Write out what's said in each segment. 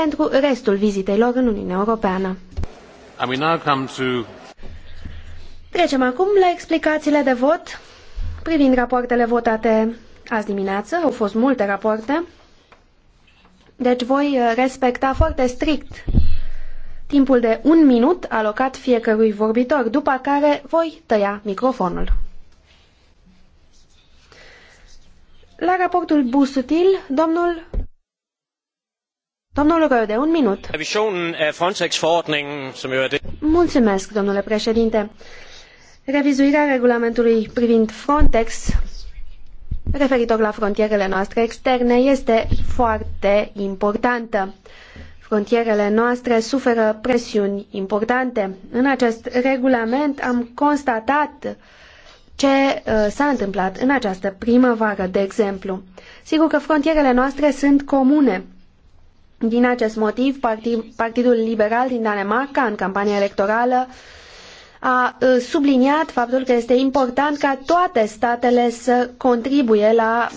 pentru restul vizitei lor în Uniunea Europeană. To... Trecem acum la explicațiile de vot privind rapoartele votate azi dimineață. Au fost multe rapoarte, deci voi uh, respecta foarte strict timpul de un minut alocat fiecărui vorbitor, după care voi tăia microfonul. La raportul Busutil, domnul un minut. Er Mulțumesc, domnule președinte. Revizuirea regulamentului privind Frontex referitor la frontierele noastre externe este foarte importantă. Frontierele noastre suferă presiuni importante. În acest regulament am constatat ce uh, s-a întâmplat în această primăvară, de exemplu. Sigur că frontierele noastre sunt comune din acest motiv, Partidul Liberal din Danemarca, în campania electorală, a subliniat faptul că este important ca toate statele să contribuie la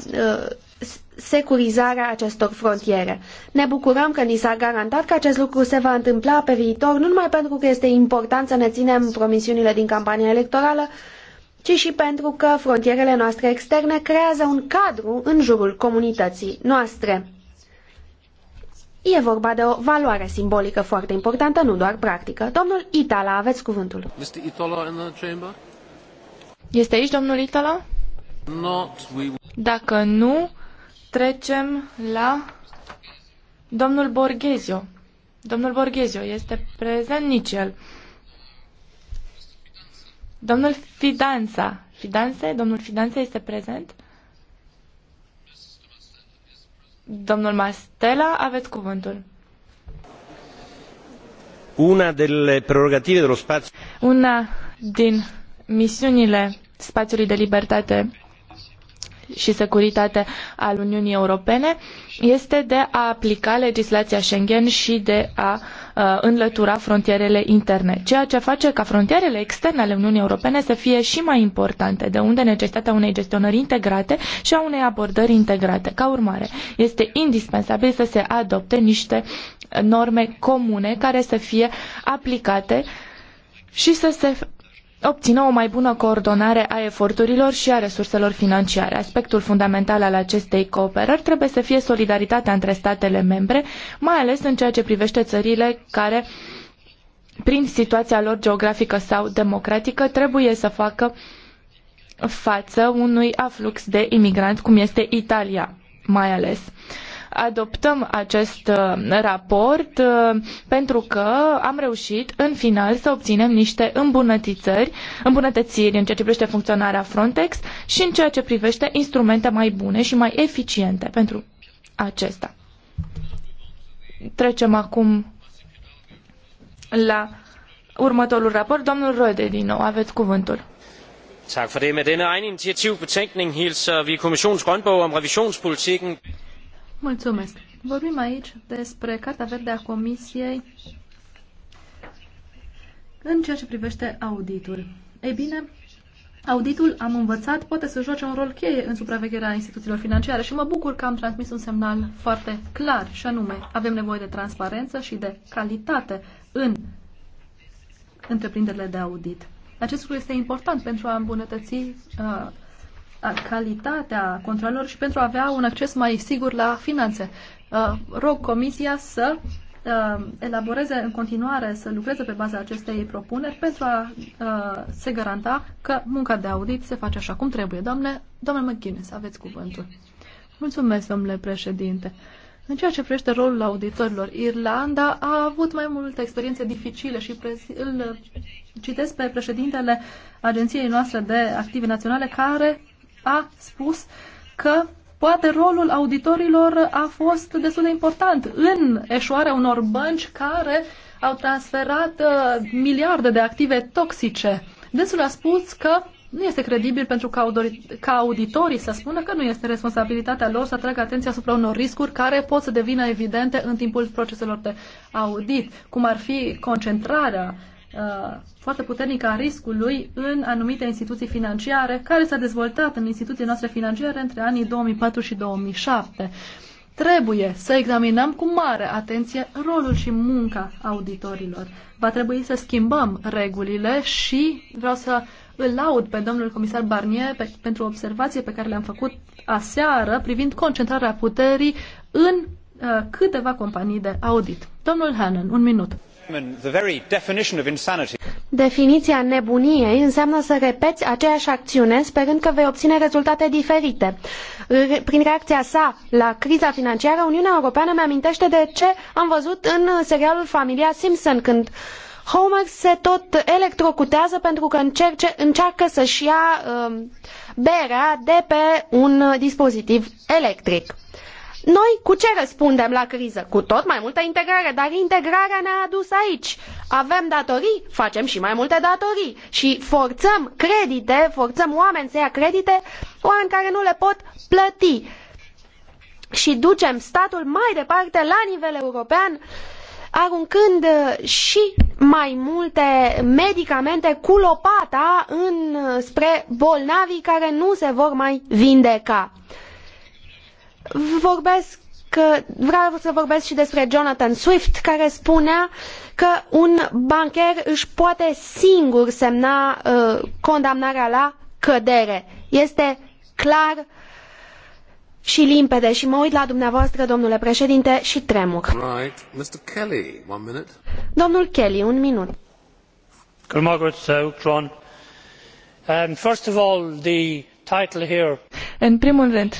securizarea acestor frontiere. Ne bucurăm că ni s-a garantat că acest lucru se va întâmpla pe viitor, nu numai pentru că este important să ne ținem promisiunile din campania electorală, ci și pentru că frontierele noastre externe creează un cadru în jurul comunității noastre. E vorba de o valoare simbolică foarte importantă, nu doar practică. Domnul Itala, aveți cuvântul. Este Itala in the chamber? Este aici domnul Itala? Not we... Dacă nu, trecem la domnul Borghezio. Domnul Borghezio este prezent nici el. Domnul Fidanța. Fidanțe? Domnul Fidanza este prezent? Domnul Mastela, aveți cuvântul. Una delle prerogative dello spazio. Una din misiunile spațiului de libertate și securitate al Uniunii Europene este de a aplica legislația Schengen și de a uh, înlătura frontierele interne, ceea ce face ca frontierele externe ale Uniunii Europene să fie și mai importante, de unde necesitatea unei gestionări integrate și a unei abordări integrate. Ca urmare, este indispensabil să se adopte niște norme comune care să fie aplicate și să se obțină o mai bună coordonare a eforturilor și a resurselor financiare. Aspectul fundamental al acestei cooperări trebuie să fie solidaritatea între statele membre, mai ales în ceea ce privește țările care, prin situația lor geografică sau democratică, trebuie să facă față unui aflux de imigranți, cum este Italia, mai ales adoptăm acest uh, raport uh, pentru că am reușit în final să obținem niște îmbunătățiri, îmbunătățiri în ceea ce privește funcționarea Frontex și în ceea ce privește instrumente mai bune și mai eficiente pentru acesta. Trecem acum la următorul raport. Domnul Rode, din nou, aveți cuvântul. Tak for det. Med denne egeninitiativbetænkning hilser vi Kommissionens grønbog om revisionspolitikken Mulțumesc. Vorbim aici despre Carta Verde a Comisiei în ceea ce privește auditul. Ei bine, auditul, am învățat, poate să joace un rol cheie în supravegherea instituțiilor financiare și mă bucur că am transmis un semnal foarte clar și anume, avem nevoie de transparență și de calitate în întreprinderile de audit. Acest lucru este important pentru a îmbunătăți uh, calitatea controlelor și pentru a avea un acces mai sigur la finanțe. Uh, rog Comisia să uh, elaboreze în continuare, să lucreze pe baza acestei propuneri pentru a uh, se garanta că munca de audit se face așa cum trebuie. Doamne, doamne McGuinness, aveți cuvântul. Mulțumesc, domnule președinte. În ceea ce privește rolul auditorilor, Irlanda a avut mai multe experiențe dificile și îl citesc pe președintele agenției noastre de active naționale care a spus că poate rolul auditorilor a fost destul de important în eșoarea unor bănci care au transferat uh, miliarde de active toxice. Dânsul a spus că nu este credibil pentru ca, audori, ca auditorii să spună că nu este responsabilitatea lor să atragă atenția asupra unor riscuri care pot să devină evidente în timpul proceselor de audit, cum ar fi concentrarea Uh, foarte puternică a riscului în anumite instituții financiare, care s-a dezvoltat în instituții noastre financiare între anii 2004 și 2007. Trebuie să examinăm cu mare atenție rolul și munca auditorilor. Va trebui să schimbăm regulile și vreau să îl laud pe domnul comisar Barnier pe, pentru observație pe care le-am făcut aseară privind concentrarea puterii în uh, câteva companii de audit. Domnul Hannon, un minut. Definiția nebuniei înseamnă să repeți aceeași acțiune sperând că vei obține rezultate diferite. Prin reacția sa la criza financiară, Uniunea Europeană mi-amintește de ce am văzut în serialul Familia Simpson când Homer se tot electrocutează pentru că încerce, încearcă să-și ia uh, berea de pe un dispozitiv electric. Noi cu ce răspundem la criză? Cu tot mai multă integrare, dar integrarea ne-a adus aici. Avem datorii, facem și mai multe datorii și forțăm credite, forțăm oameni să ia credite, oameni care nu le pot plăti. Și ducem statul mai departe la nivel european, aruncând și mai multe medicamente cu lopata în, spre bolnavii care nu se vor mai vindeca vorbesc că vreau să vorbesc și despre Jonathan Swift, care spunea că un bancher își poate singur semna uh, condamnarea la cădere. Este clar și limpede și mă uit la dumneavoastră, domnule președinte, și tremur. Right. Mr. Kelly, one minute. Domnul Kelly, un minut. Um, first of all, the title here. În primul rând,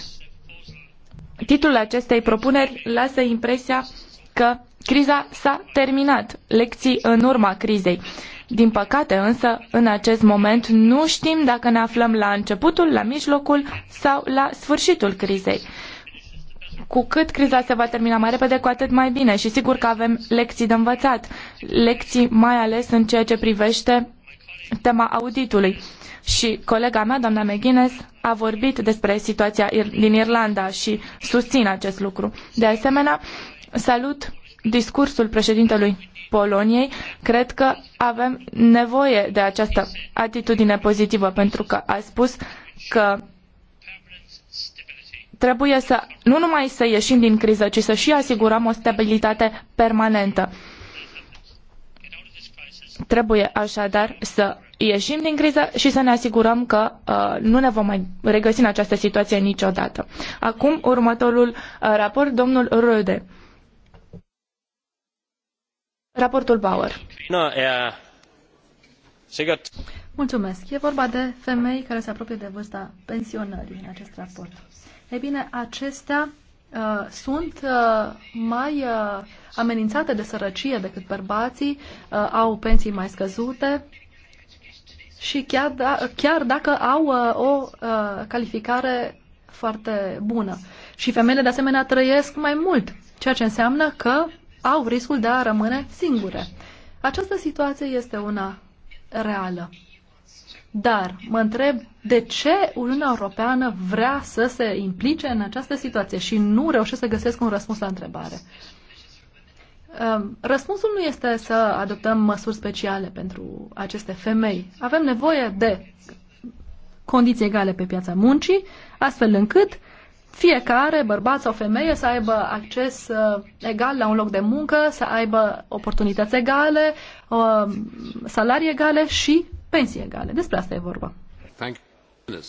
titlul acestei propuneri lasă impresia că criza s-a terminat, lecții în urma crizei. Din păcate însă, în acest moment nu știm dacă ne aflăm la începutul, la mijlocul sau la sfârșitul crizei. Cu cât criza se va termina mai repede, cu atât mai bine și sigur că avem lecții de învățat, lecții mai ales în ceea ce privește tema auditului și colega mea, doamna McGuinness, a vorbit despre situația din Irlanda și susțin acest lucru. De asemenea, salut discursul președintelui Poloniei. Cred că avem nevoie de această atitudine pozitivă pentru că a spus că trebuie să nu numai să ieșim din criză, ci să și asigurăm o stabilitate permanentă. Trebuie așadar să ieșim din criză și să ne asigurăm că uh, nu ne vom mai regăsi în această situație niciodată. Acum, următorul uh, raport, domnul Röde. Raportul Bauer. No, uh, sigur... Mulțumesc. E vorba de femei care se apropie de vârsta pensionării în acest raport. Ei bine, acestea uh, sunt uh, mai uh, amenințate de sărăcie decât bărbații, uh, au pensii mai scăzute, și chiar, da, chiar dacă au uh, o uh, calificare foarte bună. Și femeile, de asemenea, trăiesc mai mult, ceea ce înseamnă că au riscul de a rămâne singure. Această situație este una reală. Dar mă întreb de ce Uniunea Europeană vrea să se implice în această situație și nu reușesc să găsesc un răspuns la întrebare. Ehm, răspunsul nu este să adoptăm măsuri speciale pentru aceste femei. Avem nevoie de condiții egale pe piața muncii, astfel încât fiecare, bărbat sau femeie, să aibă acces eh, egal la un loc de muncă, să aibă oportunități egale, ehm, salarii egale și pensii egale. Despre asta e vorba. Thank you.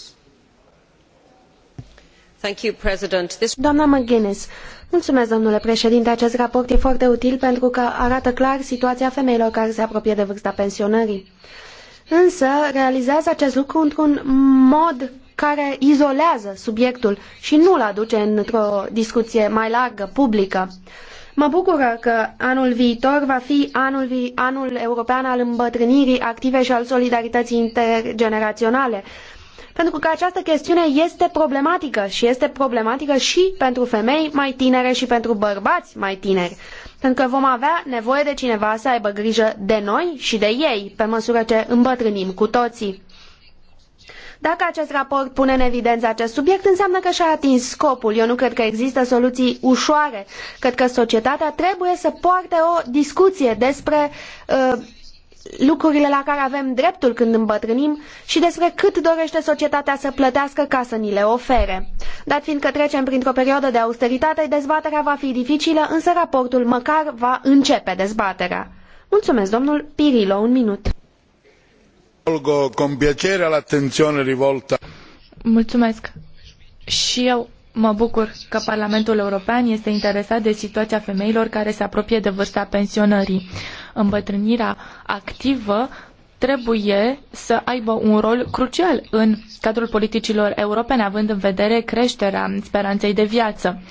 Doamna McGuinness, mulțumesc, domnule președinte. Acest raport e foarte util pentru că arată clar situația femeilor care se apropie de vârsta pensionării. Însă, realizează acest lucru într-un mod care izolează subiectul și nu îl aduce într-o discuție mai largă, publică. Mă bucură că anul viitor va fi anul, vi anul european al îmbătrânirii active și al solidarității intergeneraționale pentru că această chestiune este problematică și este problematică și pentru femei mai tinere și pentru bărbați mai tineri. Pentru că vom avea nevoie de cineva să aibă grijă de noi și de ei, pe măsură ce îmbătrânim cu toții. Dacă acest raport pune în evidență acest subiect, înseamnă că și-a atins scopul. Eu nu cred că există soluții ușoare. Cred că societatea trebuie să poarte o discuție despre uh, lucrurile la care avem dreptul când îmbătrânim și despre cât dorește societatea să plătească ca să ni le ofere. Dat fiindcă trecem printr-o perioadă de austeritate, dezbaterea va fi dificilă, însă raportul măcar va începe dezbaterea. Mulțumesc, domnul Pirilo, un minut. Mulțumesc. Și eu mă bucur că Parlamentul European este interesat de situația femeilor care se apropie de vârsta pensionării îmbătrânirea activă trebuie să aibă un rol crucial în cadrul politicilor europene, având în vedere creșterea speranței de viață.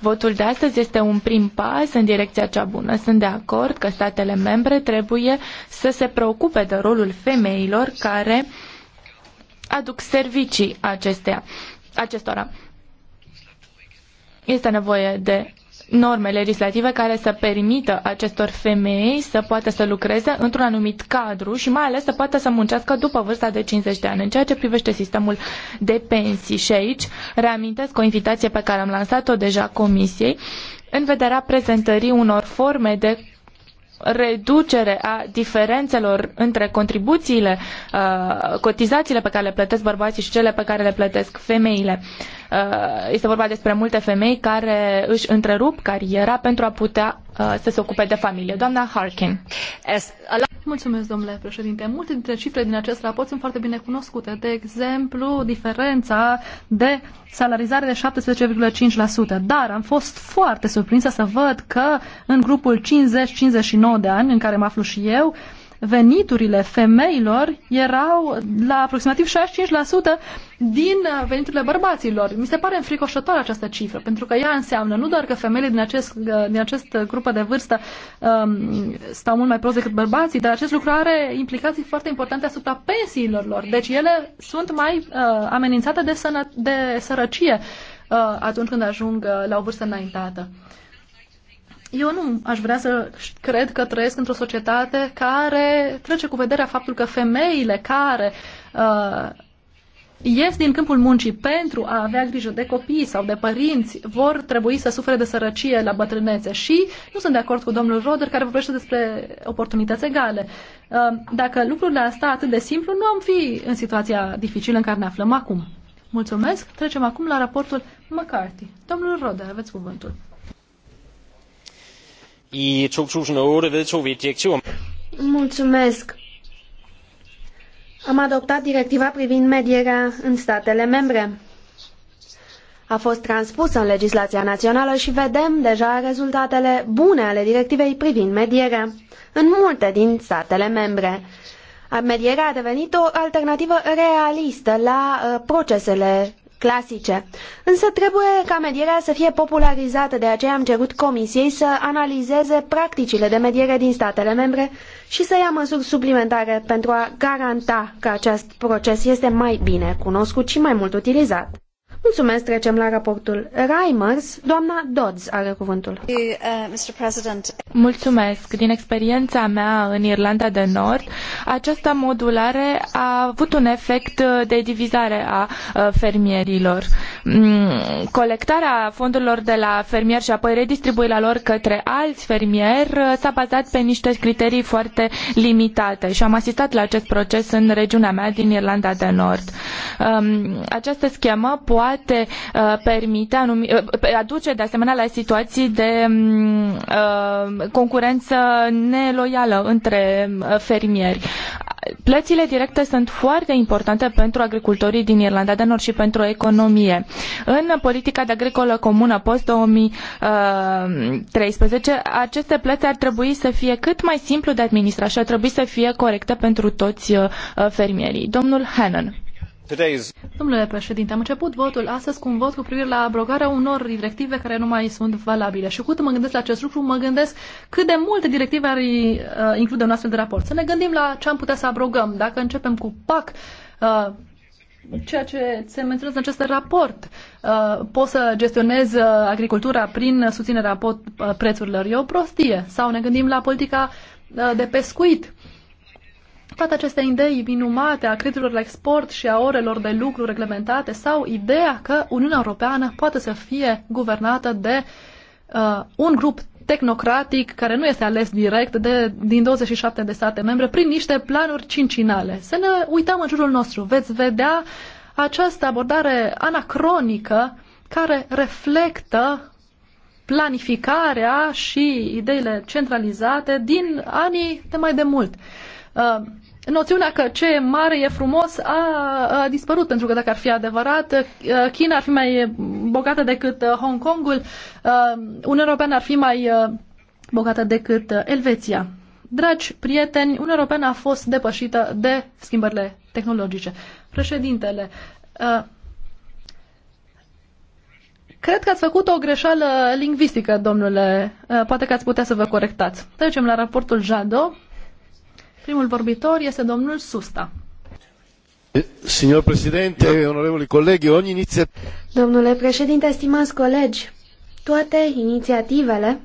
Votul de astăzi este un prim pas în direcția cea bună. Sunt de acord că statele membre trebuie să se preocupe de rolul femeilor care aduc servicii acestea, acestora. Este nevoie de norme legislative care să permită acestor femei să poată să lucreze într-un anumit cadru și mai ales să poată să muncească după vârsta de 50 de ani. În ceea ce privește sistemul de pensii și aici reamintesc o invitație pe care am lansat-o deja Comisiei în vederea prezentării unor forme de reducere a diferențelor între contribuțiile, uh, cotizațiile pe care le plătesc bărbații și cele pe care le plătesc femeile. Uh, este vorba despre multe femei care își întrerup cariera pentru a putea Uh, să se ocupe de familie. Doamna Harkin. Mulțumesc, domnule președinte. Multe dintre cifre din acest raport sunt foarte bine cunoscute. De exemplu, diferența de salarizare de 17,5%. Dar am fost foarte surprinsă să văd că în grupul 50-59 de ani, în care mă aflu și eu, uh, veniturile femeilor erau la aproximativ 65% din veniturile bărbaților. Mi se pare înfricoșătoare această cifră, pentru că ea înseamnă nu doar că femeile din acest, din acest grupă de vârstă um, stau mult mai prost decât bărbații, dar acest lucru are implicații foarte importante asupra pensiilor lor. Deci ele sunt mai uh, amenințate de, sănă, de sărăcie uh, atunci când ajung uh, la o vârstă înaintată. Uh, eu nu aș vrea să cred că trăiesc într-o societate care trece cu vederea faptul că femeile care uh, ies din câmpul muncii pentru a avea grijă de copii sau de părinți vor trebui să sufere de sărăcie la bătrânețe și nu sunt de acord cu domnul Roder care vorbește despre oportunități egale. Uh, dacă lucrurile astea atât de simplu, nu am fi în situația dificilă în care ne aflăm acum. Mulțumesc. Trecem acum la raportul McCarthy. Domnul Roder, aveți cuvântul. I 2008 vedtog vi et direktiv om... Mulțumesc. Am adoptat directiva privind medierea în statele membre. A fost transpusă în legislația națională și vedem deja rezultatele bune ale directivei privind medierea în multe din statele membre. Medierea a devenit o alternativă realistă la uh, procesele clasice. Însă trebuie ca medierea să fie popularizată, de aceea am cerut Comisiei să analizeze practicile de mediere din statele membre și să ia măsuri suplimentare pentru a garanta că acest proces este mai bine cunoscut și mai mult utilizat. Mulțumesc, trecem la raportul Reimers. Doamna Dodds are cuvântul. Uh, Mulțumesc. Din experiența mea în Irlanda de Nord, această modulare a avut un efect de divizare a uh, fermierilor. Mm, colectarea fondurilor de la fermieri și apoi redistribuirea lor către alți fermieri uh, s-a bazat pe niște criterii foarte limitate și am asistat la acest proces în regiunea mea din Irlanda de Nord. Um, această schemă poate poate uh, permite uh, aduce de asemenea la situații de mm, uh, concurență neloială între fermieri. Plățile directe sunt foarte importante pentru agricultorii din Irlanda de Nord și pentru economie. În politica de agricolă comună post-2013, aceste plăți ar trebui să fie cât mai simplu de administrat și ar trebui să fie corecte pentru toți fermierii. Domnul Hannan. Domnule președinte, am început votul astăzi cu un vot cu privire la abrogarea unor directive care nu mai sunt valabile. Și cât mă gândesc la acest lucru, mă gândesc cât de multe directive ar uh, include un astfel de raport. Să ne gândim la ce am putea să abrogăm. Dacă începem cu PAC, uh, ceea ce se menționează în acest raport. Uh, Poți să gestionezi agricultura prin susținerea prețurilor. E o prostie. Sau ne gândim la politica de pescuit toate aceste idei minumate a creditelor la export și a orelor de lucru reglementate sau ideea că Uniunea Europeană poate să fie guvernată de uh, un grup tehnocratic care nu este ales direct de, din 27 de state membre prin niște planuri cincinale. Să ne uităm în jurul nostru. Veți vedea această abordare anacronică care reflectă planificarea și ideile centralizate din anii de mai de mult. Uh, noțiunea că ce e mare e frumos a, a dispărut, pentru că dacă ar fi adevărat, China ar fi mai bogată decât Hong Kongul, Uniunea Europeană ar fi mai bogată decât Elveția. Dragi prieteni, Uniunea Europeană a fost depășită de schimbările tehnologice. Președintele, Cred că ați făcut o greșeală lingvistică, domnule. Poate că ați putea să vă corectați. Trecem la raportul Jado. Primul vorbitor este domnul Susta. Eh, signor onorevoli colegi, ogni Domnule președinte, stimați colegi, toate inițiativele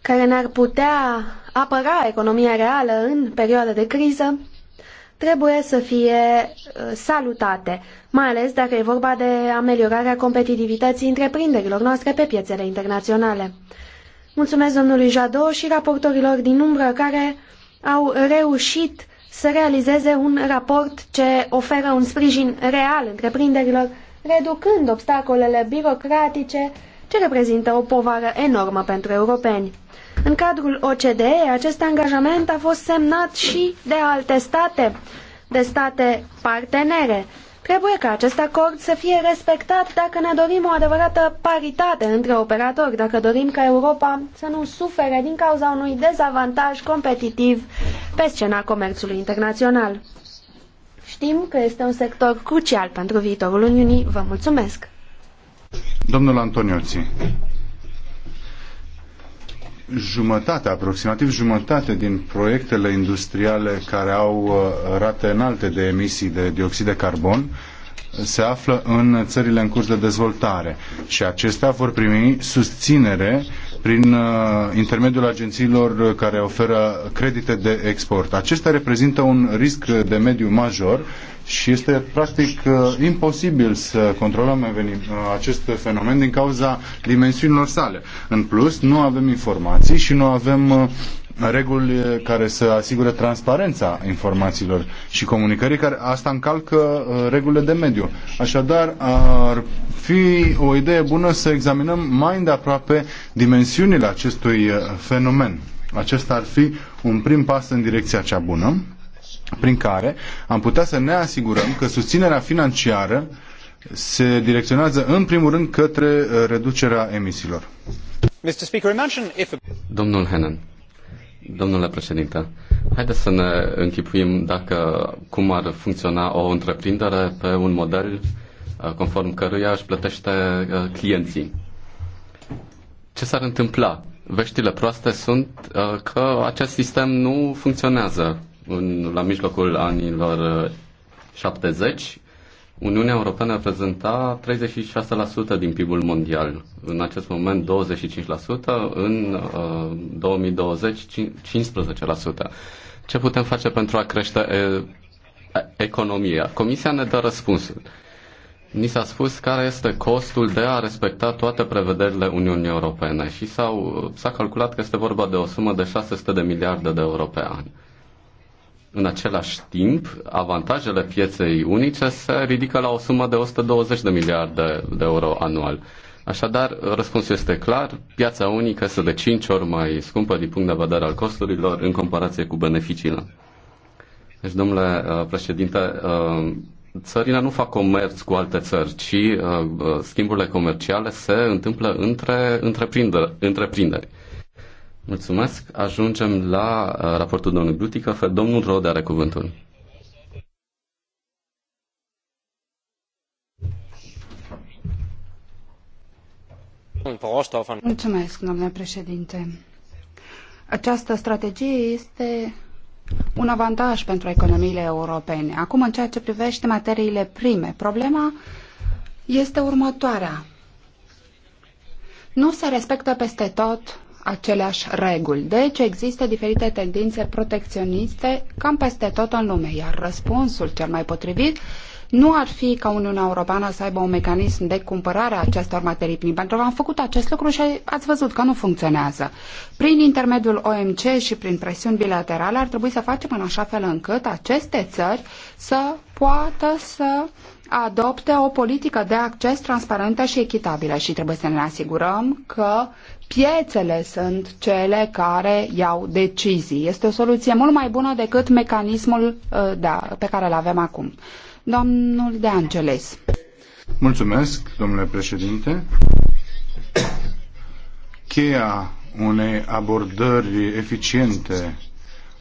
care ne-ar putea apăra economia reală în perioada de criză trebuie să fie eh, salutate, mai ales dacă e vorba de ameliorarea competitivității întreprinderilor noastre pe piețele internaționale. Mulțumesc domnului Jadot și raportorilor din umbră care au reușit să realizeze un raport ce oferă un sprijin real întreprinderilor, reducând obstacolele birocratice ce reprezintă o povară enormă pentru europeni. În cadrul OCDE, acest angajament a fost semnat și de alte state, de state partenere, Trebuie ca acest acord să fie respectat dacă ne dorim o adevărată paritate între operatori, dacă dorim ca Europa să nu sufere din cauza unui dezavantaj competitiv pe scena comerțului internațional. Știm că este un sector crucial pentru viitorul Uniunii. Vă mulțumesc! Domnul Antonioții jumătate, aproximativ jumătate din proiectele industriale care au uh, rate înalte de emisii de dioxid de carbon uh, se află în țările în curs de dezvoltare și acestea vor primi susținere prin uh, intermediul agențiilor care oferă credite de export. Acesta reprezintă un risc de mediu major și este practic uh, imposibil să controlăm uh, acest fenomen din cauza dimensiunilor sale. În plus, nu avem informații și nu avem reguli eh, care să asigure transparența informațiilor și comunicării, care asta încalcă eh, regulile de mediu. Așadar, ar fi o idee bună să examinăm mai îndeaproape dimensiunile acestui eh, fenomen. Acesta ar fi un prim pas în direcția cea bună, prin care am putea să ne asigurăm că susținerea financiară se direcționează în primul rând către reducerea emisiilor. Domnul Hennen, Domnule președinte, haideți să ne închipuim dacă cum ar funcționa o întreprindere pe un model uh, conform căruia își plătește uh, clienții. Ce s-ar întâmpla? Veștile proaste sunt uh, că acest sistem nu funcționează. În, la mijlocul anilor 70, Uniunea Europeană reprezenta 36% din PIB-ul mondial, în acest moment 25%, în uh, 2020 15%. Ce putem face pentru a crește e, economia? Comisia ne dă răspunsul. Ni s-a spus care este costul de a respecta toate prevederile Uniunii Europene și s-a calculat că este vorba de o sumă de 600 de miliarde de euro pe an. În același timp, avantajele pieței unice se ridică la o sumă de 120 de miliarde de euro anual. Așadar, răspunsul este clar, piața unică este de 5 ori mai scumpă din punct de vedere al costurilor în comparație cu beneficiile. Deci, domnule uh, președinte, uh, țările nu fac comerț cu alte țări, ci uh, schimburile comerciale se întâmplă între întreprinderi. întreprinderi. Mulțumesc. Ajungem la uh, raportul domnului Brutică. Domnul Rode are cuvântul. Mulțumesc, domnule președinte. Această strategie este un avantaj pentru economiile europene. Acum, în ceea ce privește materiile prime, problema este următoarea. Nu se respectă peste tot aceleași reguli. Deci există diferite tendințe protecționiste cam peste tot în lume, iar răspunsul cel mai potrivit nu ar fi ca Uniunea Europeană să aibă un mecanism de cumpărare a acestor materii prime, pentru că am făcut acest lucru și ați văzut că nu funcționează. Prin intermediul OMC și prin presiuni bilaterale ar trebui să facem în așa fel încât aceste țări să poată să adopte o politică de acces transparentă și echitabilă și trebuie să ne asigurăm că Piețele sunt cele care iau decizii. Este o soluție mult mai bună decât mecanismul da, pe care îl avem acum. Domnul De Angeles. Mulțumesc, domnule președinte. Cheia unei abordări eficiente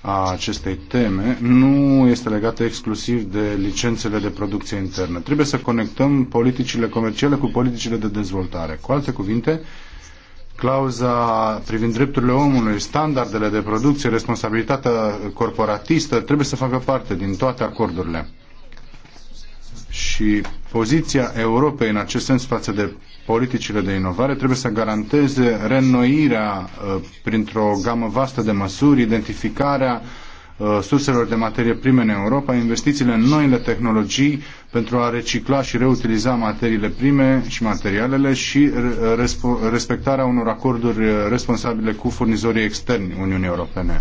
a acestei teme nu este legată exclusiv de licențele de producție internă. Trebuie să conectăm politicile comerciale cu politicile de dezvoltare. Cu alte cuvinte, clauza privind drepturile omului, standardele de producție, responsabilitatea corporatistă, trebuie să facă parte din toate acordurile. Și poziția Europei în acest sens față de politicile de inovare trebuie să garanteze reînnoirea uh, printr-o gamă vastă de măsuri, identificarea Uh, surselor de materie prime în Europa, investițiile în noile tehnologii pentru a recicla și reutiliza materiile prime și materialele și respectarea unor acorduri uh, responsabile cu furnizorii externi Uniunii Europene.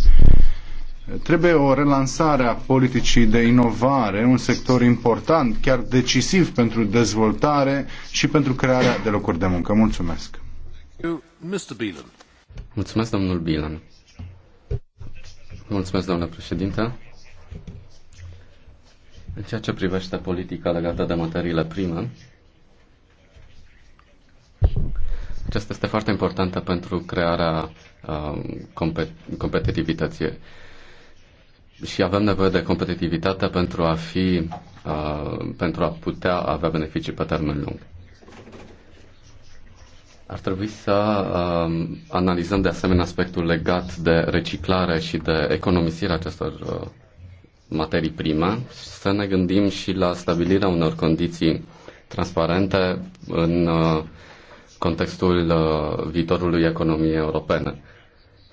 Trebuie o relansare a politicii de inovare, un sector important, chiar decisiv pentru dezvoltare și pentru crearea de locuri de muncă. Mulțumesc! Mulțumesc, domnul Bilan. Mulțumesc, doamnă președintă. În ceea ce privește politica legată de materiile prime, aceasta este foarte importantă pentru crearea um, compet- competitivității. Și avem nevoie de competitivitate pentru a fi, uh, pentru a putea avea beneficii pe termen lung. Ar trebui să uh, analizăm de asemenea aspectul legat de reciclare și de economisirea acestor uh, materii prime, să ne gândim și la stabilirea unor condiții transparente în uh, contextul uh, viitorului economiei europene,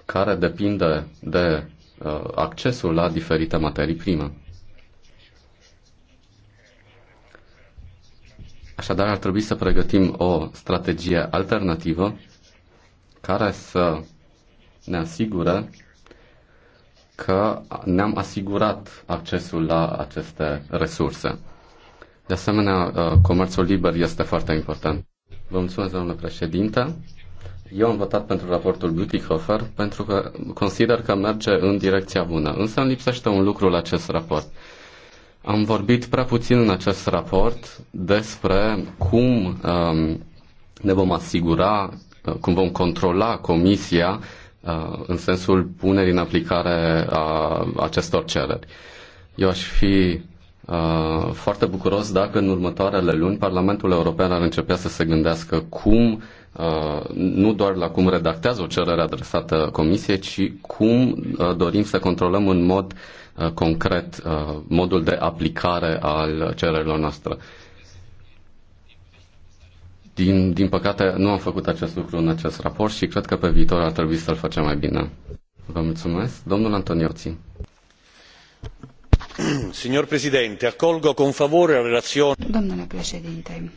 care depinde de uh, accesul la diferite materii prime. Așadar, ar trebui să pregătim o strategie alternativă care să ne asigure că ne-am asigurat accesul la aceste resurse. De asemenea, uh, comerțul liber este foarte important. Vă mulțumesc, domnule președinte. Eu am votat pentru raportul Butikofer pentru că consider că merge în direcția bună, însă îmi lipsește un lucru la acest raport. Am vorbit prea puțin în acest raport despre cum um, ne vom asigura, uh, cum vom controla Comisia uh, în sensul punerii în aplicare a acestor cereri. Eu aș fi uh, foarte bucuros dacă în următoarele luni Parlamentul European ar începea să se gândească cum, uh, nu doar la cum redactează o cerere adresată Comisiei, ci cum uh, dorim să controlăm în mod uh, Uh, concret uh, modul de aplicare al cererilor noastre. Din, din păcate, nu am făcut acest lucru în acest raport și cred că pe viitor ar trebui să-l facem mai bine. Vă mulțumesc. Domnul Antonioți. Signor Presidente, accolgo con favore la relazione... Domnule președinte,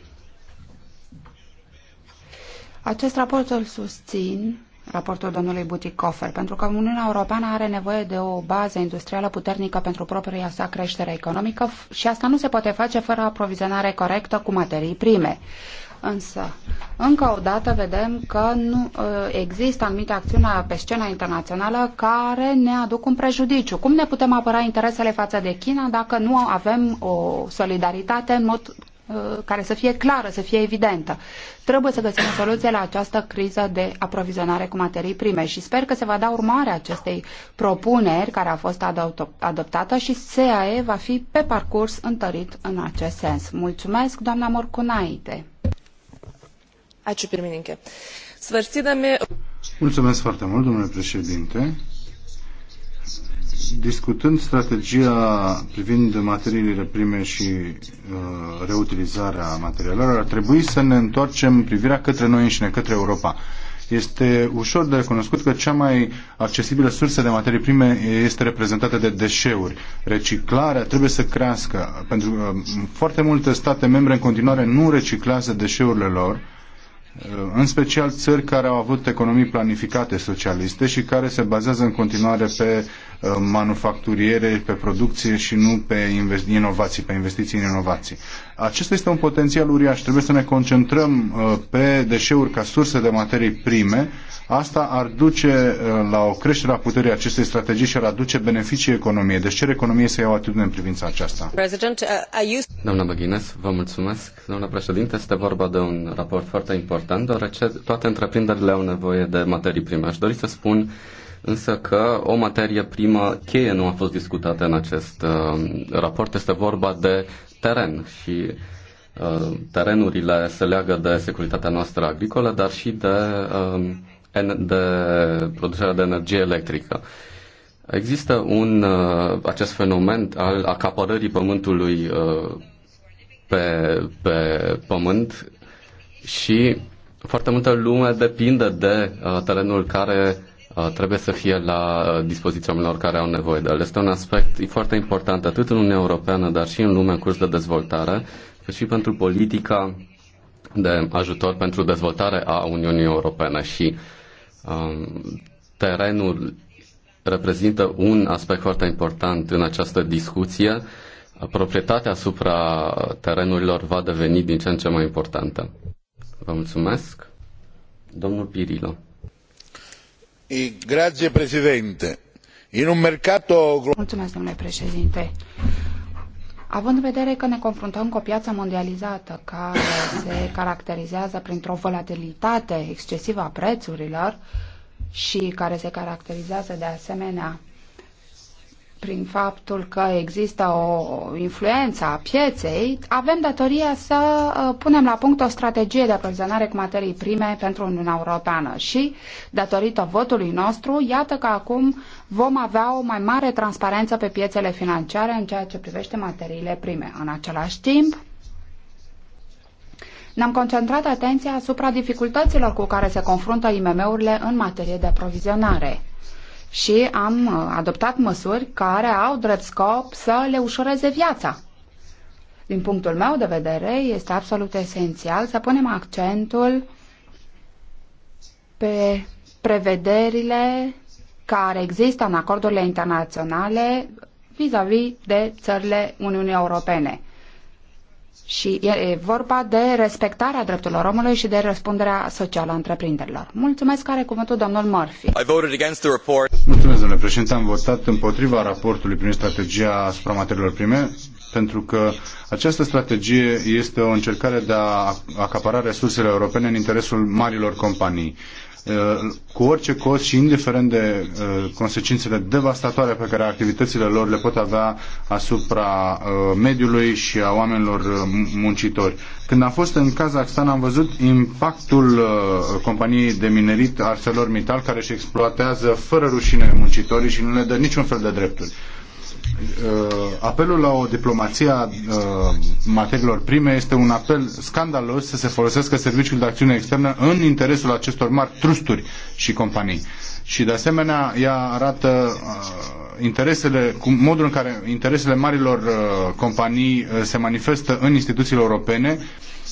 acest raport îl susțin raportul domnului Buticofer, pentru că Uniunea Europeană are nevoie de o bază industrială puternică pentru propria sa creștere economică și asta nu se poate face fără aprovizionare corectă cu materii prime. Însă, încă o dată vedem că nu ă, există anumite acțiuni pe scena internațională care ne aduc un prejudiciu. Cum ne putem apăra interesele față de China dacă nu avem o solidaritate în mod Uh, care să fie clară, să fie evidentă. Trebuie să găsim soluție la această criză de aprovizionare cu materii prime și sper că se va da urmare acestei propuneri care a fost adoptată și SAE va fi pe parcurs întărit în acest sens. Mulțumesc, doamna Morcunaite. Mulțumesc foarte mult, domnule președinte discutând strategia privind materiile prime și uh, reutilizarea materialelor, ar trebui să ne întoarcem privirea către noi înșine, către Europa. Este ușor de recunoscut că cea mai accesibilă sursă de materii prime este reprezentată de deșeuri. Reciclarea trebuie să crească, pentru că uh, foarte multe state membre în continuare nu reciclează deșeurile lor în special țări care au avut economii planificate socialiste și care se bazează în continuare pe uh, manufacturiere, pe producție și nu pe inovații, pe investiții în inovații. Acesta este un potențial uriaș. Trebuie să ne concentrăm uh, pe deșeuri ca surse de materii prime. Asta ar duce uh, la o creștere a puterii acestei strategii și ar aduce beneficii economiei. Deci cer economiei să iau atitudine în privința aceasta. Uh, Doamna Băghines, vă mulțumesc. Doamna președinte, este vorba de un raport foarte important, deoarece toate întreprinderile au nevoie de materii prime. Aș dori să spun însă că o materie primă cheie nu a fost discutată în acest uh, raport. Este vorba de teren și uh, terenurile se leagă de securitatea noastră agricolă, dar și de, um, de producerea de energie electrică. Există un, uh, acest fenomen al acapărării pământului uh, pe, pe pământ și foarte multă lume depinde de terenul care Uh, trebuie să fie la uh, dispoziția oamenilor care au nevoie de el. Este un aspect foarte important atât în Uniunea Europeană, dar și în lumea în curs de dezvoltare, cât și pentru politica de ajutor pentru dezvoltare a Uniunii Europene și um, terenul reprezintă un aspect foarte important în această discuție. Proprietatea asupra terenurilor va deveni din ce în ce mai importantă. Vă mulțumesc. Domnul Pirilo domnule președinte. Având în vedere că ne confruntăm cu o piață mondializată care se caracterizează printr-o volatilitate excesivă a prețurilor și care se caracterizează de asemenea prin faptul că există o influență a pieței, avem datoria să uh, punem la punct o strategie de aprovizionare cu materii prime pentru Uniunea Europeană și, datorită votului nostru, iată că acum vom avea o mai mare transparență pe piețele financiare în ceea ce privește materiile prime. În același timp, ne-am concentrat atenția asupra dificultăților cu care se confruntă IMM-urile în materie de aprovizionare și am uh, adoptat măsuri care au drept scop să le ușureze viața. Din punctul meu de vedere, este absolut esențial să punem accentul pe prevederile care există în acordurile internaționale vis-a-vis -vis de țările Uniunii Europene. Și e vorba de respectarea drepturilor omului și de răspunderea socială a întreprinderilor. Mulțumesc, care cuvântul domnul Murphy. I voted against the report. Mulțumesc, domnule președinte. Am votat împotriva raportului prin strategia asupra materiilor prime pentru că această strategie este o încercare de a acapara resursele europene în interesul marilor companii. Uh, cu orice cost și indiferent de uh, consecințele devastatoare pe care activitățile lor le pot avea asupra uh, mediului și a oamenilor muncitori. Când am fost în Kazakhstan am văzut impactul companiei de minerit ArcelorMittal care își exploatează fără rușine muncitorii și nu le dă niciun fel de drepturi. Uh, apelul la o diplomație a uh, materiilor prime este un apel scandalos să se folosească serviciul de acțiune externă în interesul acestor mari trusturi și companii. Și de asemenea, ea arată uh, interesele, cu modul în care interesele marilor companii se manifestă în instituțiile europene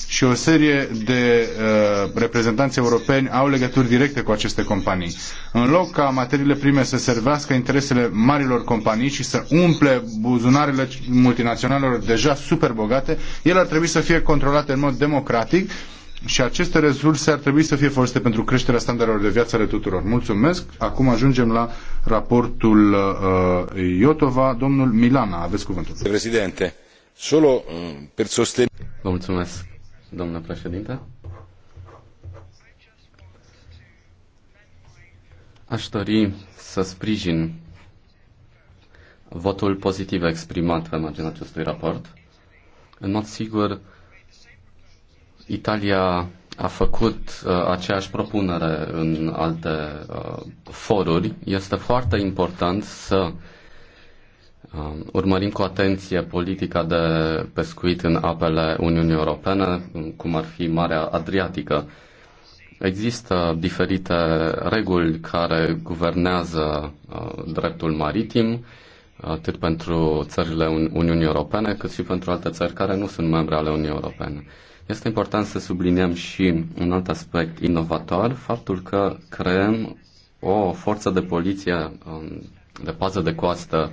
și o serie de uh, reprezentanți europeni au legături directe cu aceste companii. În loc ca materiile prime să servească interesele marilor companii și să umple buzunarele multinaționalelor deja super bogate, ele ar trebui să fie controlate în mod democratic și aceste resurse ar trebui să fie folosite pentru creșterea standardelor de viață ale tuturor. Mulțumesc. Acum ajungem la raportul uh, Iotova. Domnul Milana, aveți cuvântul. Președinte, solo uh, per sostenere... Vă mulțumesc, Domnule președinte. Aș dori să sprijin votul pozitiv exprimat pe marginea acestui raport. În mod sigur, Italia a făcut uh, aceeași propunere în alte uh, foruri. Este foarte important să uh, Um, urmărim cu atenție politica de pescuit în apele Uniunii Europene, um, cum ar fi Marea Adriatică. Există diferite reguli care guvernează uh, dreptul maritim, atât pentru țările Uniunii Europene, cât și pentru alte țări care nu sunt membre ale Uniunii Europene. Este important să subliniem și un alt aspect inovator, faptul că creăm o forță de poliție um, de pază de coastă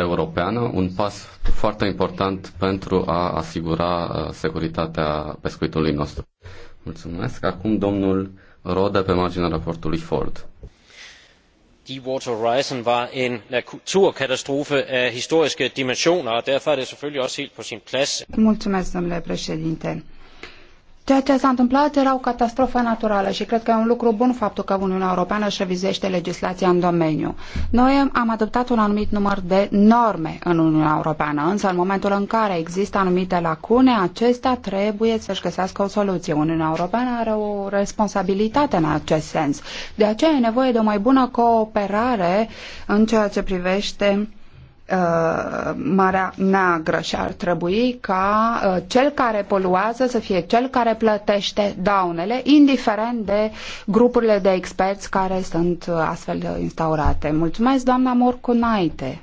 europeană, un pas foarte important pentru a asigura uh, securitatea pescuitului nostru. Mulțumesc. Acum domnul Rode pe marginea raportului Ford. Deepwater Horizon var en naturkatastrofe af historiske dimensioner, og derfor er det selvfølgelig også helt på sin plads. Mulțumesc, domnule președinte. Ceea ce s-a întâmplat era o catastrofă naturală și cred că e un lucru bun faptul că Uniunea Europeană își revizește legislația în domeniu. Noi am adoptat un anumit număr de norme în Uniunea Europeană, însă în momentul în care există anumite lacune, acestea trebuie să-și găsească o soluție. Uniunea Europeană are o responsabilitate în acest sens. De aceea e nevoie de o mai bună cooperare în ceea ce privește Uh, Marea Neagră și ar trebui ca uh, cel care poluează să fie cel care plătește daunele, indiferent de grupurile de experți care sunt uh, astfel instaurate. Mulțumesc, doamna Morcunaite.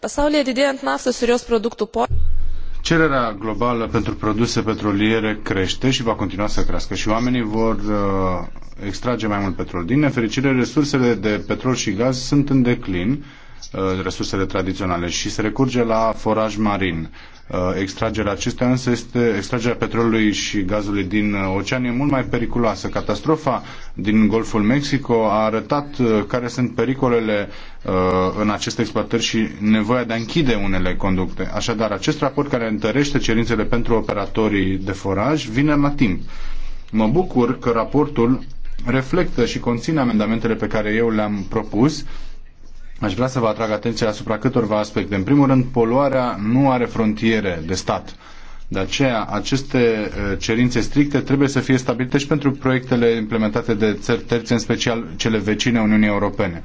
Pasaulyje Cererea globală pentru produse petroliere crește și va continua să crească și oamenii vor extrage mai mult petrol. Din nefericire, resursele de petrol și gaz sunt în declin Uh, resursele tradiționale și se recurge la foraj marin. Uh, extragerea acestea însă este, extragerea petrolului și gazului din uh, ocean e mult mai periculoasă. Catastrofa din Golful Mexico a arătat care sunt pericolele în aceste exploatări și nevoia de a închide unele conducte. Așadar, acest raport care întărește cerințele pentru operatorii de foraj vine la timp. Mă bucur că raportul reflectă și conține amendamentele pe care eu le-am propus Aș vrea să vă atrag atenția asupra câtorva aspecte. În primul rând, poluarea nu are frontiere de stat. De aceea, aceste uh, cerințe stricte trebuie să fie stabilite și pentru proiectele implementate de țări terțe, în special cele vecine Uniunii Europene.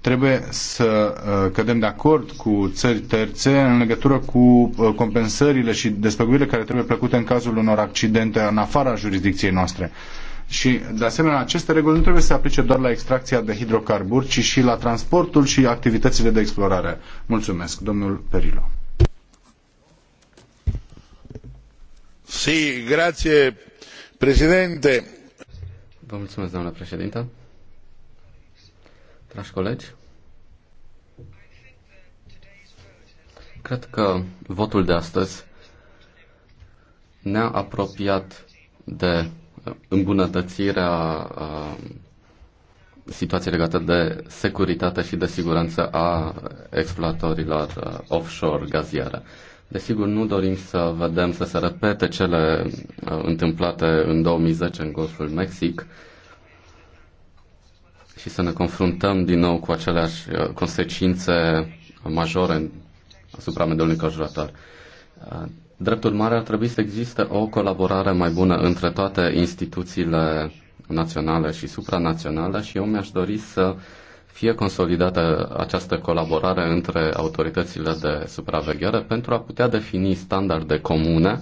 Trebuie să uh, cădem de acord cu țări terțe în legătură cu uh, compensările și despăgubirile care trebuie plăcute în cazul unor accidente în afara jurisdicției noastre și, de asemenea, aceste reguli nu trebuie să se aplice doar la extracția de hidrocarburi, ci și la transportul și activitățile de explorare. Mulțumesc, domnul Perilo. Si, grație, președinte. Vă mulțumesc, doamnă președinte. Dragi colegi, cred că votul de astăzi ne-a apropiat de îmbunătățirea situației legate de securitate și de siguranță a exploatorilor offshore gaziere. Desigur, nu dorim să vedem să se repete cele întâmplate în 2010 în Golful Mexic și să ne confruntăm din nou cu aceleași consecințe majore asupra mediului înconjurător. Drept urmare, ar trebui să existe o colaborare mai bună între toate instituțiile naționale și supranaționale și eu mi-aș dori să fie consolidată această colaborare între autoritățile de supraveghere pentru a putea defini standarde comune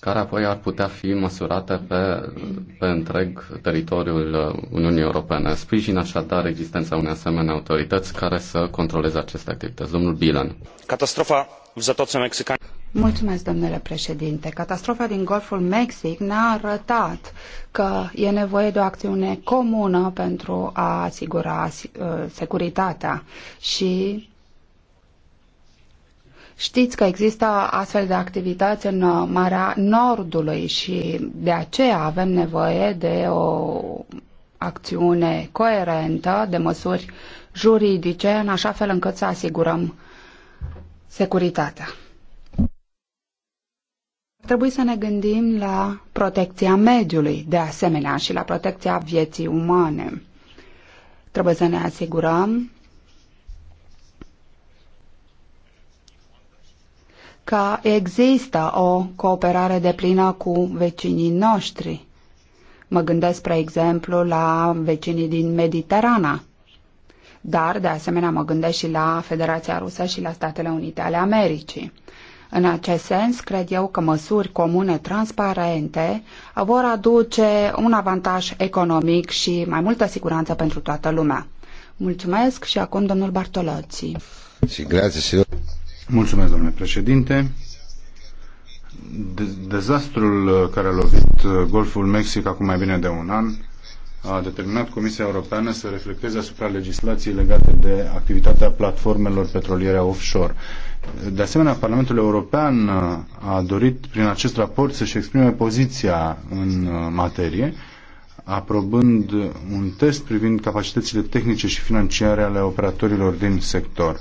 care apoi ar putea fi măsurate pe, pe întreg teritoriul Uniunii Europene. Sprijin așadar existența unei asemenea autorități care să controleze aceste activități. Domnul Bilan. Catastrofa în zătoță mexicană. Mulțumesc, domnule președinte. Catastrofa din Golful Mexic ne-a arătat că e nevoie de o acțiune comună pentru a asigura uh, securitatea și Știți că există astfel de activități în uh, Marea Nordului și de aceea avem nevoie de o acțiune coerentă, de măsuri juridice, în așa fel încât să asigurăm securitatea. Trebuie să ne gândim la protecția mediului, de asemenea, și la protecția vieții umane. Trebuie să ne asigurăm că există o cooperare plină cu vecinii noștri. Mă gândesc, spre exemplu, la vecinii din Mediterana, dar, de asemenea, mă gândesc și la Federația Rusă și la Statele Unite ale Americii. În acest sens, cred eu că măsuri comune transparente vor aduce un avantaj economic și mai multă siguranță pentru toată lumea. Mulțumesc și acum domnul Bartoloții. Mulțumesc, domnule președinte. dezastrul uh, care a lovit uh, Golful Mexic acum mai bine de un an a determinat Comisia Europeană să reflecteze asupra legislației legate de activitatea platformelor petroliere offshore. De asemenea, Parlamentul European uh, a dorit prin acest raport să-și exprime poziția în materie, aprobând un test privind capacitățile tehnice și financiare ale operatorilor din sector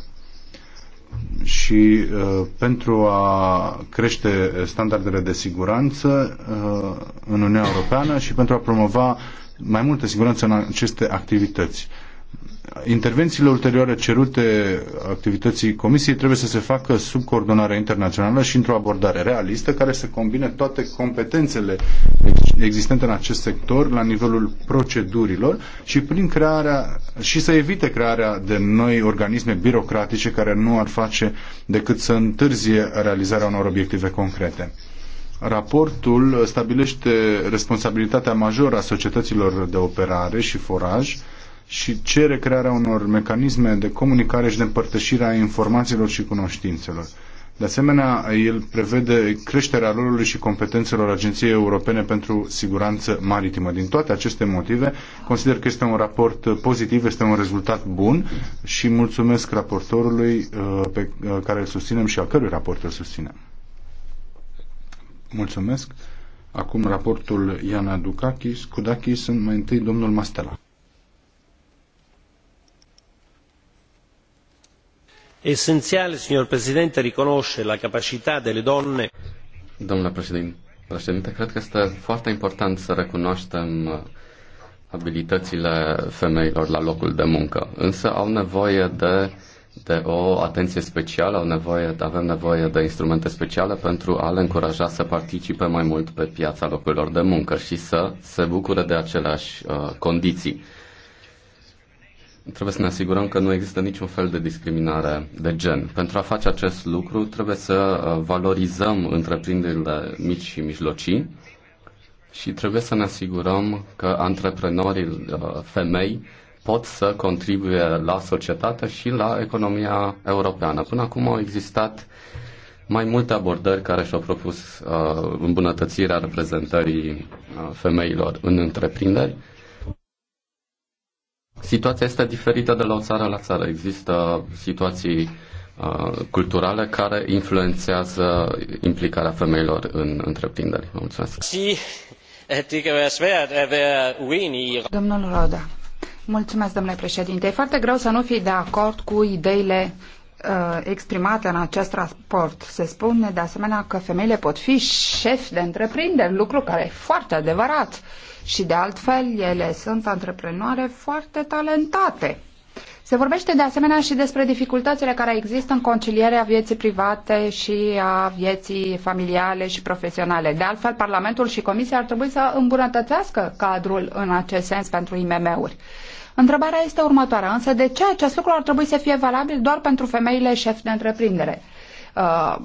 și uh, pentru a crește standardele de siguranță uh, în Uniunea Europeană și pentru a promova mai multă siguranță în aceste activități intervențiile ulterioare cerute activității Comisiei trebuie să se facă sub coordonarea internațională și într-o abordare realistă care să combine toate competențele existente în acest sector la nivelul procedurilor și prin crearea și să evite crearea de noi organisme birocratice care nu ar face decât să întârzie realizarea unor obiective concrete. Raportul stabilește responsabilitatea majoră a societăților de operare și foraj și cere crearea unor mecanisme de comunicare și de împărtășire a informațiilor și cunoștințelor. De asemenea, el prevede creșterea rolului și competențelor Agenției Europene pentru Siguranță Maritimă. Din toate aceste motive, consider că este un raport pozitiv, este un rezultat bun și mulțumesc raportorului uh, pe uh, care îl susținem și a cărui raport îl susținem. Mulțumesc. Acum raportul Iana Dukakis, Kudakis, mai întâi domnul Mastela. Esențial, signor presidente riconoscere la delle donne. domnule președinte, președinte cred că este foarte important să recunoaștem abilitățile femeilor la locul de muncă însă au nevoie de de o atenție specială, au nevoie, avem nevoie de instrumente speciale pentru a le încuraja să participe mai mult pe piața locurilor de muncă și să se bucure de aceleași uh, condiții trebuie să ne asigurăm că nu există niciun fel de discriminare de gen. Pentru a face acest lucru, trebuie să uh, valorizăm întreprinderile mici și mijlocii și trebuie să ne asigurăm că antreprenorii uh, femei pot să contribuie la societate și la economia europeană. Până acum au existat mai multe abordări care și-au propus uh, îmbunătățirea reprezentării uh, femeilor în întreprinderi Situația este diferită de la o țară la țară. Există situații uh, culturale care influențează implicarea femeilor în întreprinderi. Vă mulțumesc. Eh, eh, Domnul Roda. Mulțumesc, domnule președinte. E foarte greu să nu fii de acord cu ideile Uh, exprimate în acest raport. Se spune de asemenea că femeile pot fi șefi de întreprinderi, lucru care e foarte adevărat. Și de altfel, ele sunt antreprenoare foarte talentate. Se vorbește de asemenea și despre dificultățile care există în concilierea vieții private și a vieții familiale și profesionale. De altfel, Parlamentul și Comisia ar trebui să îmbunătățească cadrul în acest sens pentru IMM-uri. Întrebarea este următoarea, însă de ce acest lucru ar trebui să fie valabil doar pentru femeile șef de întreprindere? Uh,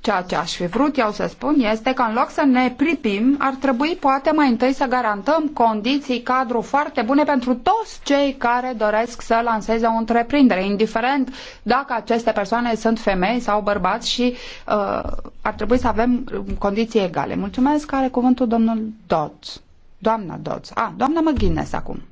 ceea ce aș fi vrut eu să spun este că în loc să ne pripim, ar trebui poate mai întâi să garantăm condiții cadru foarte bune pentru toți cei care doresc să lanseze o întreprindere, indiferent dacă aceste persoane sunt femei sau bărbați și uh, ar trebui să avem condiții egale. Mulțumesc, are cuvântul domnul Dodds. Doamna Dodds. A, ah, doamna McGuinness acum.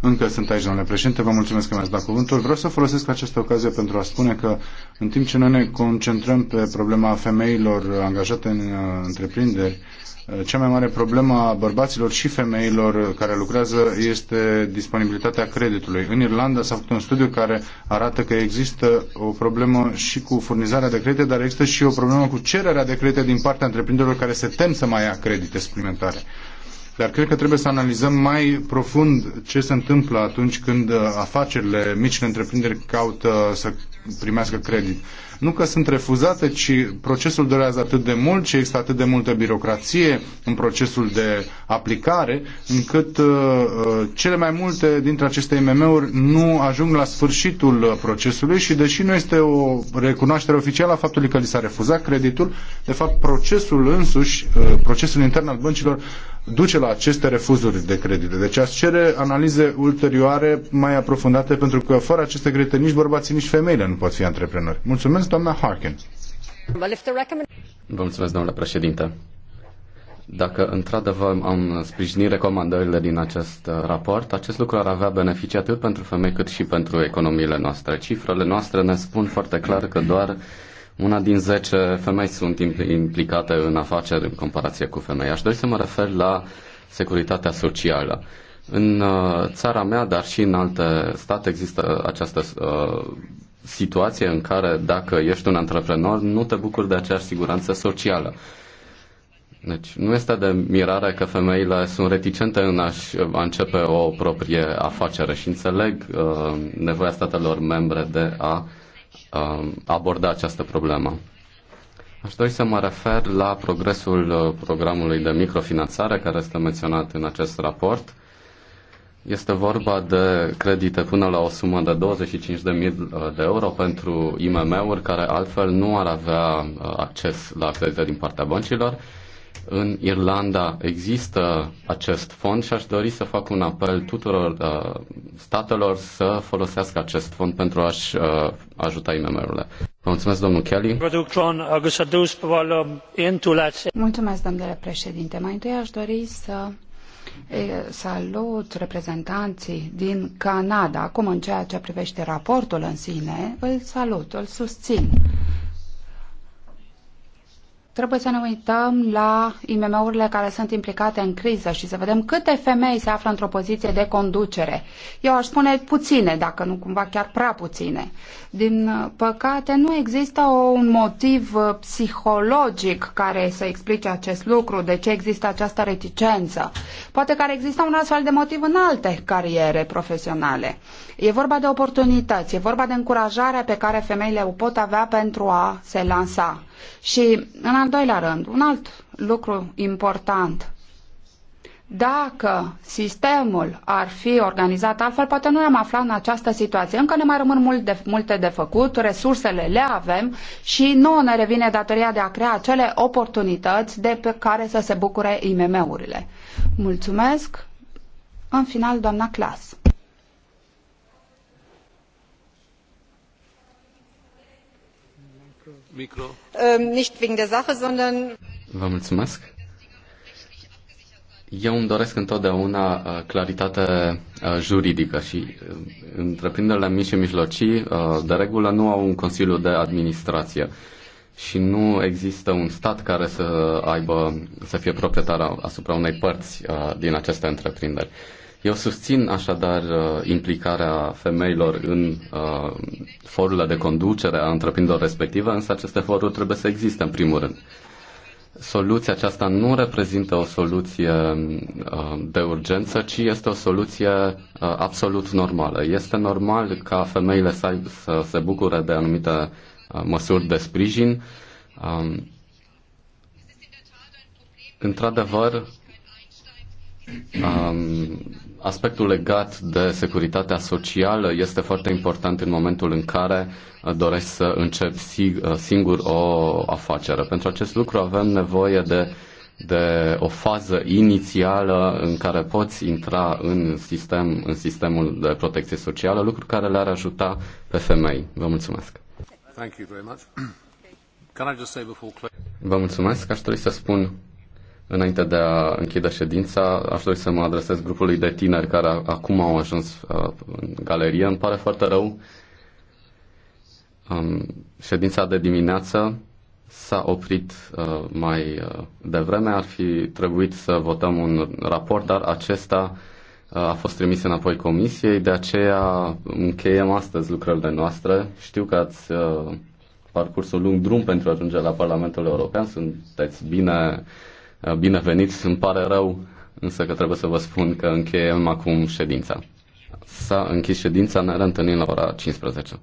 Încă sunt aici, domnule președinte, vă mulțumesc că mi-ați dat cuvântul. Vreau să folosesc această ocazie pentru a spune că în timp ce noi ne concentrăm pe problema femeilor angajate în uh, întreprinderi, uh, cea mai mare problemă a bărbaților și femeilor care lucrează este disponibilitatea creditului. În Irlanda s-a făcut un studiu care arată că există o problemă și cu furnizarea de credite, dar există și o problemă cu cererea de credite din partea întreprinderilor care se tem să mai ia credite suplimentare. Dar cred că trebuie să analizăm mai profund ce se întâmplă atunci când uh, afacerile, micile întreprinderi caută să primească credit. Nu că sunt refuzate, ci procesul durează atât de mult și există atât de multă birocrație în procesul de aplicare, încât uh, uh cele mai multe dintre aceste IMM-uri nu ajung la sfârșitul uh, procesului și deși nu este o recunoaștere oficială a faptului că li s-a refuzat creditul, de fapt procesul însuși, uh, procesul intern al băncilor duce la aceste refuzuri de credite. Deci aș cere analize ulterioare mai aprofundate pentru că fără aceste credite nici bărbații, nici femeile nu pot fi antreprenori. Mulțumesc, doamna Harkin. Vă mulțumesc, domnule președinte. Dacă într-adevăr am sprijini recomandările din acest uh, raport, acest lucru ar avea beneficii atât pentru femei cât și pentru economiile noastre. Cifrele noastre ne spun foarte clar că doar una din zece femei sunt implicate în afaceri în comparație cu femei. Aș dori să mă refer la securitatea socială. În uh, țara mea, dar și în alte state, există această uh, situație în care dacă ești un antreprenor, nu te bucuri de aceeași siguranță socială. Deci nu este de mirare că femeile sunt reticente în a-și a începe o proprie afacere și înțeleg uh, nevoia statelor membre de a uh, Um, aborda această problemă. Aș dori să mă refer la progresul uh, programului de microfinanțare care este menționat în acest raport. Este vorba de credite până la o sumă de 25.000 uh, de euro pentru IMM-uri care altfel nu ar avea uh, acces la credite din partea băncilor în Irlanda există acest fond și aș dori să fac un apel tuturor uh, statelor să folosească acest fond pentru a-și uh, ajuta IMM-urile. Vă mulțumesc, domnul Kelly. Mulțumesc, domnule președinte. Mai întâi aș dori să salut reprezentanții din Canada. Acum, în ceea ce privește raportul în sine, îl salut, îl susțin Trebuie să ne uităm la IMM-urile care sunt implicate în criză și să vedem câte femei se află într-o poziție de conducere. Eu aș spune puține, dacă nu cumva chiar prea puține. Din păcate, nu există un motiv uh, psihologic care să explice acest lucru, de ce există această reticență. Poate că ar exista un astfel de motiv în alte cariere profesionale. E vorba de oportunități, e vorba de încurajarea pe care femeile o pot avea pentru a se lansa. Și în al doilea rând, un alt lucru important. Dacă sistemul ar fi organizat altfel, poate nu am aflat în această situație. Încă ne mai rămân mult de, multe de făcut, resursele le avem și nu ne revine datoria de a crea acele oportunități de pe care să se bucure IMM-urile. Mulțumesc! În final, doamna Clas. Ehm, nicht wegen der Sache, sondern... Vă mulțumesc. Eu îmi doresc întotdeauna uh, claritate uh, juridică și uh, întreprinderile mici și mijlocii de regulă nu au un Consiliu de Administrație și nu există un stat care să aibă, să fie proprietar asupra unei părți din aceste întreprinderi. Eu susțin așadar uh, implicarea femeilor în uh, forurile de conducere a întreprinderilor respective, însă aceste foruri trebuie să existe în primul rând. Soluția aceasta nu reprezintă o soluție uh, de urgență, ci este o soluție uh, absolut normală. Este normal ca femeile să, să se bucure de anumite uh, măsuri de sprijin. Um, într-adevăr, um, aspectul legat de securitatea socială este foarte important în momentul în care uh, dorești să începi uh, singur o afacere. Pentru acest lucru avem nevoie de, de o fază inițială în care poți intra în, sistem, în sistemul de protecție socială, lucru care le-ar ajuta pe femei. Vă mulțumesc! Thank you very much. Can I just say before... Vă mulțumesc. Aș trebui să spun Înainte de a închide ședința, aș dori să mă adresez grupului de tineri care acum au ajuns uh, în galerie. Îmi pare foarte rău. Um, ședința de dimineață s-a oprit uh, mai uh, devreme. Ar fi trebuit să votăm un raport, dar acesta a fost trimis înapoi comisiei, de aceea încheiem astăzi lucrările noastre. Știu că ați parcurs un lung drum pentru a ajunge la Parlamentul European, sunteți bine Eh, binevenit. Îmi pare rău, însă că trebuie să vă spun că încheiem acum ședința. S-a închis ședința, ne reîntâlnim la ora 15.